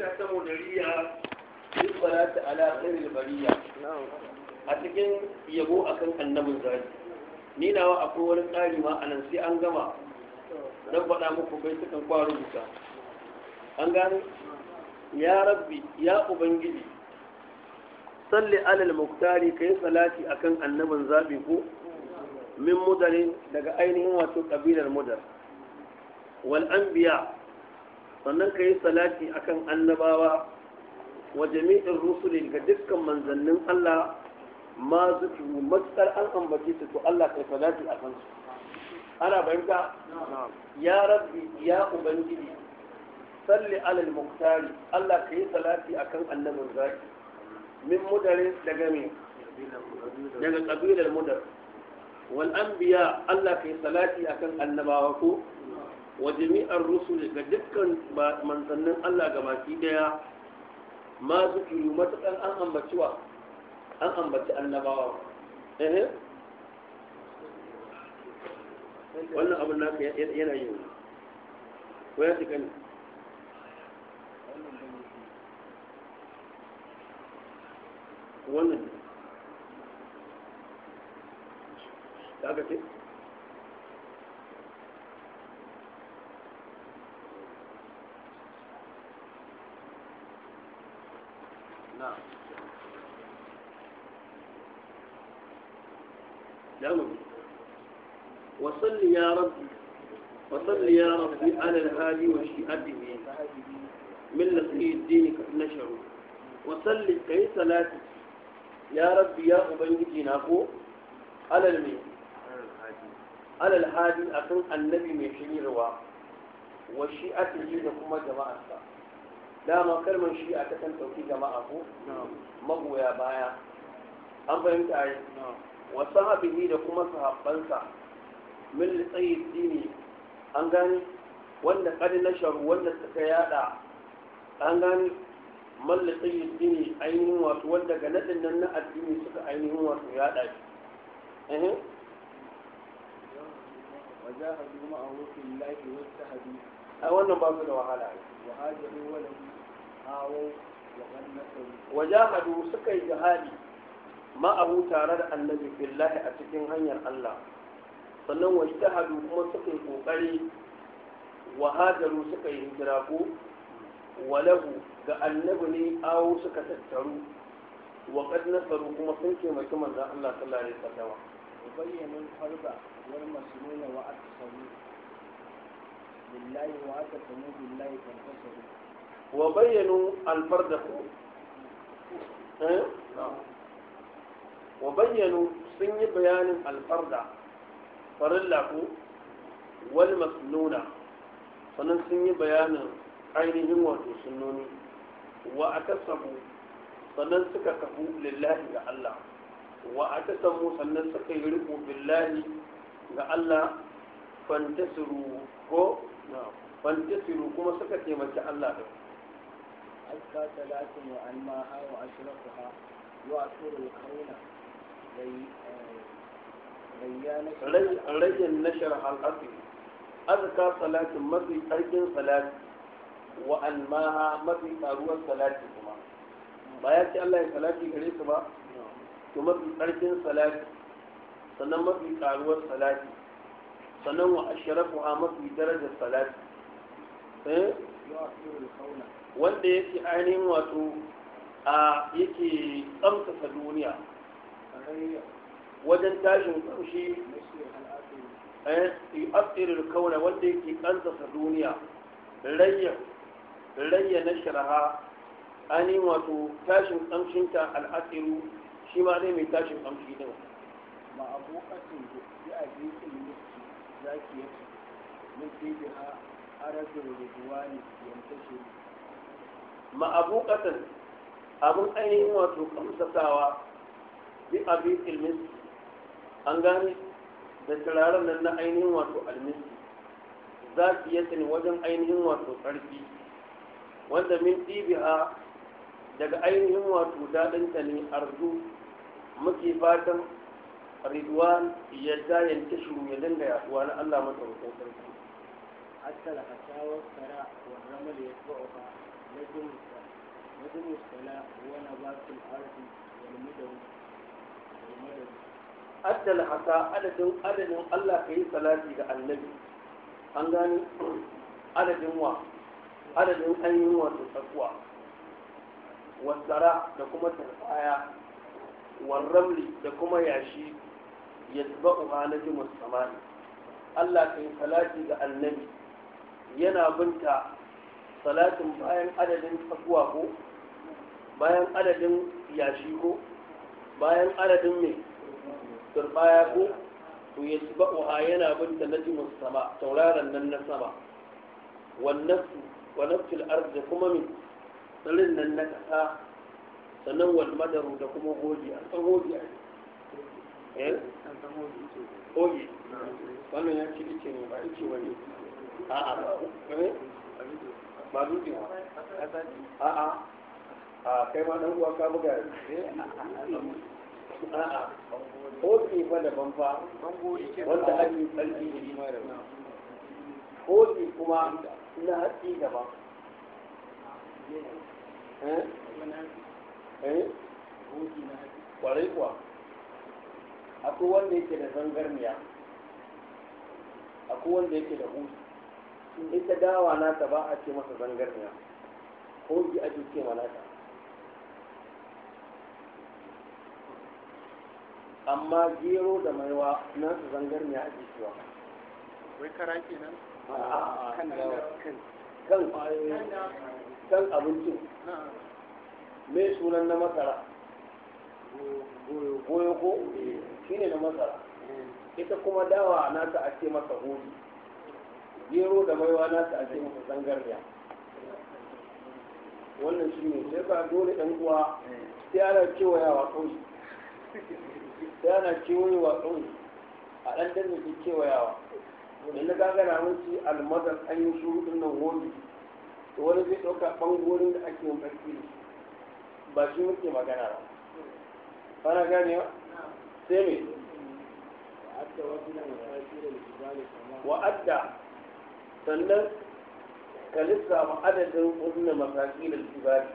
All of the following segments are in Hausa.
ita saboda riya yin salata ala khairil bariya a cikin yabo akan annabin zaki ni nawa akwai wani tsari ma anan sai an gama dan faɗa muku kai sukan kwaro duka. an gani ya rabbi ya ubangiji salli alal muktari kai salati akan annabin zabi ko min mudarin daga ainihin wato kabilar mudar wal anbiya sannan ka yi salati akan annabawa wa jami'in rusuli ga dukkan manzannin Allah ma zuki matsar an ambace su to Allah kai salati a kansu ana bayyana ya rabbi ya ubangiji salli alal muktari Allah ka yi salati akan annabin zaki min mudare daga me daga kabilar mudar wal anbiya Allah ka yi salati akan annabawa ko wa jami'ar rusul ga dukkan manzannin Allah ga baki daya ma zukiru matakan an ambaci wa an ambaci annabawa wannan abin naka yana yi ko نعم, نعم. وصل يا ربي وصل يا ربي على الهادي وشيئته من لقي دينك نشر وصل كي صلاتي يا ربي يا أبنجي ناكو على المين على الهادي أكون النبي من شرير وشيئته لكم جماعة dama kalmar shi a takan ɗauki jama'a ko magoya baya an fahimta a yi wasu haɓini da kuma sahabbansa min tsayi dini an gani wanda kadi na sharu wanda suka yada an gani malla tsayi dini ainihin wasu wanda ga nadin nan na addini suka ainihin wasu yada shi a wannan ba su da wahala بعض wajahadu suka yi jihadi ma'abu tare da annabi billahi a cikin hanyar Allah sannan hadu kuma suka yi kokari wahajaru suka yi hijira ko walahu ga annabi ne awo suka tattaru wa qad nasaru kuma sun taimaki manzon Allah sallallahu alaihi wasallam bayyana al-harba wal masnuna wa at-sawu billahi wa at-sawu billahi kan tasawu wa bayyanu alfarda ku eh? wa bayyanu sun yi bayanin alfarda farilla ku wal masnuna sannan sun yi bayanin ainihin wato sunnoni wa akasabu sannan suka kafu lillahi ga Allah sannan suka yi billahi ga Allah kuma suka taimaki Allah وأزكى صلاة وأنماها وأشرفها وأطول الكون رجل نشر على الأرض أزكى صلاة مضي أرجل صلاة وأنماها مضي أروى صلاة كما ما يأتي الله صلاة كريم كما ثم في أرجل صلاة sannan mafi karuwar salati sannan wa asharafu a mafi darajar salati wanda yake ainihin wato a yake tsamsasa duniya wajen tashin kamshi eh, yi asirin kauna wanda yake tsamsasa duniya rayya na shiraha ainihin wato tashin kamshinta al'asiru shi ma zai mai tashin kamshi din ma'abokatin da ya ji zaki yake mun fi harafin rubuwani yantashiru ma'abukatan abin ainihin wato kamsatawa bi abin ilmin an gane da turaren nan na ainihin wato almisi za su yi tsini wajen ainihin wato ƙarfi wanda min daga ainihin wato daɗinta ne arzu muke fatan ridwan yadda yanke shuru ya dinga yaduwa na allah mata sarki السلف والسراء والرمل يتبعها adadin adadin Allah ka yi salati ga annabi an gani adadin wa adadin an yi wasu tsakuwa wasara da kuma tarfaya warramli da kuma yashi ya zuba uha na jimus Allah ka yi salati ga annabi yana binta salatin bayan adadin tsakuwa ko bayan adadin yashi ko bayan adadin mai turbaya ko to ya ci ba'uha yana binta jimin sama tauraron nan na sama wannan wannafsul da kuma min tsirin nan na kasa sannan wani madaru da kuma goji a san goji a yi wannan ya ci ne ba ice wani a'a eh? ba ba a'a kai ma dan uwa ka buga eh? a'a hoki fa daban fa wanda ake tsarki da shi hoki kuma na hatsi daban eh? kwarai kuwa akwai wanda yake da zangarniya akwai wanda yake da hutu ita dawa naka ba a ce masa zangarniya ko bi ake ce ma amma gero da maiwa nan su zangarniya ake cewa wai kara kenan kan kan kan abincin me sunan na masara goyo ko shine na masara eh. ita kuma dawa naka ce masa gobi. gero da maiwa na ta ake masa zangarniya wannan shi ne sai ba dole ɗan uwa sai ana kewayawa ƙauye sai ana kewayewa ƙauye a ɗan danne ke kewayawa da na gagara mun ci almadar an yi shuru ɗin nan wani to wani zai ɗauka ɓangorin da ake yin ɓarki ba shi muke magana ba ana ba sai Wa wa'adda sannan ka lissafa adadin kunna mataki da kibari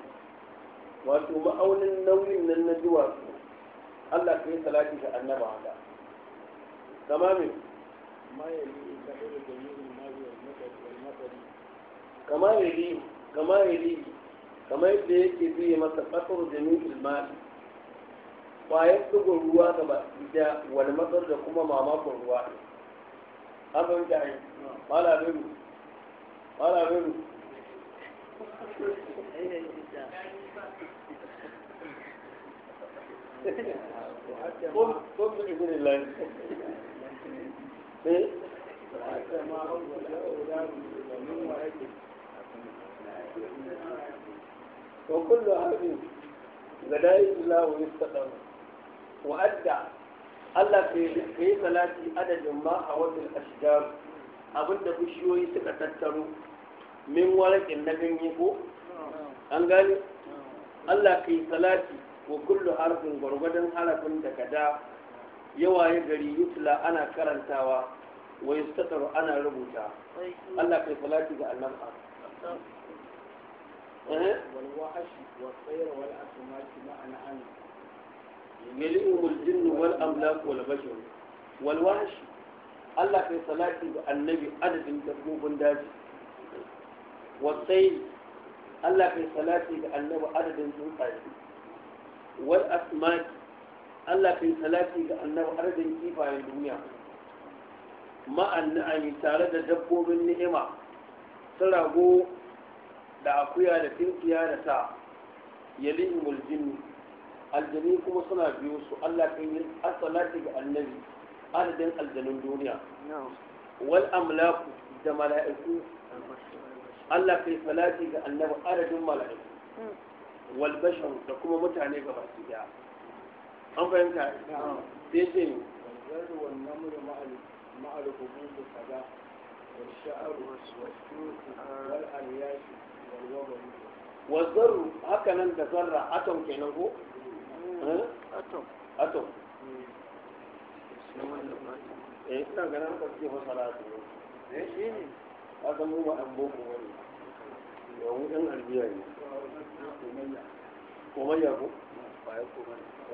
wato ma'aunin nauyin nan na su Allah ka yi salati ga annaba haka kama min kama yali kama yali kama yadda yake biye masa kasar jami'il mali kwayar tsugun ruwa ga ba da wani matsar da kuma mamakon ruwa ne an bai da aiki mala biru mala biru قم بإذن الله وكل هذه بدائل الله يستقر وأدع Allah ka yi salati adadin ma a watan ashgar abinda bishiyoyi suka tattaro min warakin na ganye ko an gane Allah ka yi salati wa kullu harfin gwargwadon harafin da kada yawa ya gari yutla ana karantawa wa yustataru ana rubuta Allah ka yi salati ga eh? wa والوحش wal والأسماك ma'ana عنه ملئه الجن والأملاك والبشر والوحش الله في صلاتي النبي عدد دبوب داجي والسيل الله في صلاتي النبي عدد سلطان والأسماك الله في صلاتي النبي عدد كيفا الدنيا مع النعم تارد دبوب النعمة سرقوا da akuya da tinkiya da sa yalihimul jinni aljani kuma suna biyu su Allah kan yi asalati ga annabi adadin aljanin duniya wal amlaku da mala'iku Allah kai salati ga annabi adadin mala'iku hmm. wal bashar da kuma mutane ga baki daya an fahimta sai ce ma'al hububu kaza والشعر والسوق والأرياش والوبر والذر هكذا تزرع أتم كنه Eh? atom eh ina masara eh, san an wani ɗan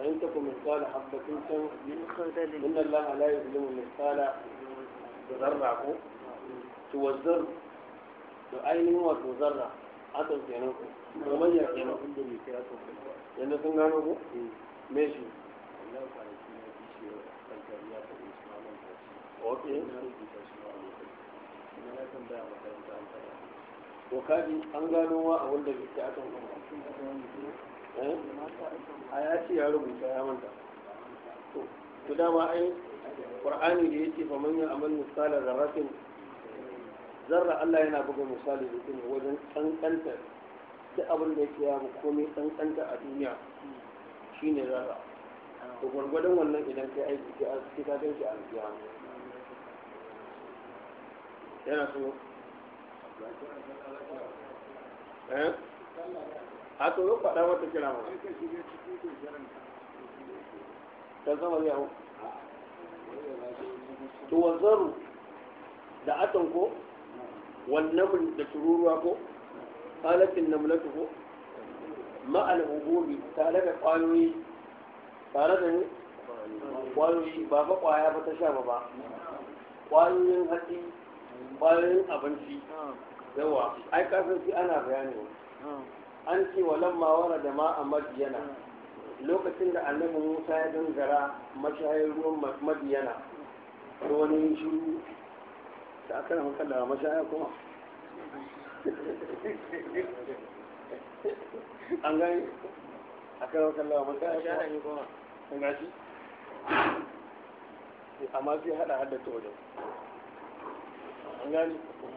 ne ko إن الله لا يظلم مثقال ذرة توزر da ainihin wato zarra atom kenan komayya yanzu sun gano ku eh. meji shi to kaji an gano wa a wanda ke ta akan eh? Eh? a ya ce ya rubuta ya manta to dama ai qur'ani da ya yake fa amal ya'mal da rafin zarra Allah yana buga misali da wajen kankanta duk abin da yake mu komai tsantsanta a duniya shi ne zara to gwargwadon wannan idan kai aiki ke a cikin ka ganshi a rijiya yana so eh a to yau faɗa wata kira ma ta zama ya hu to wanzaru da atanko ko wannan da tururuwa ko qalatin namlatu ma al hubumi tare da kwayoyi ba ba ba ta sha ba kwayoyin hatsi kwayoyin abinci yawa ai kafin shi ana bayani an ce wa lamma wara da ma a madiyana lokacin da annabi musa ya gangara mashayin ruwan madiyana da wani shiru da aka na makalla mashaya kuma an gani a kan wakan lawa amma sai hada hada ta wajen an gani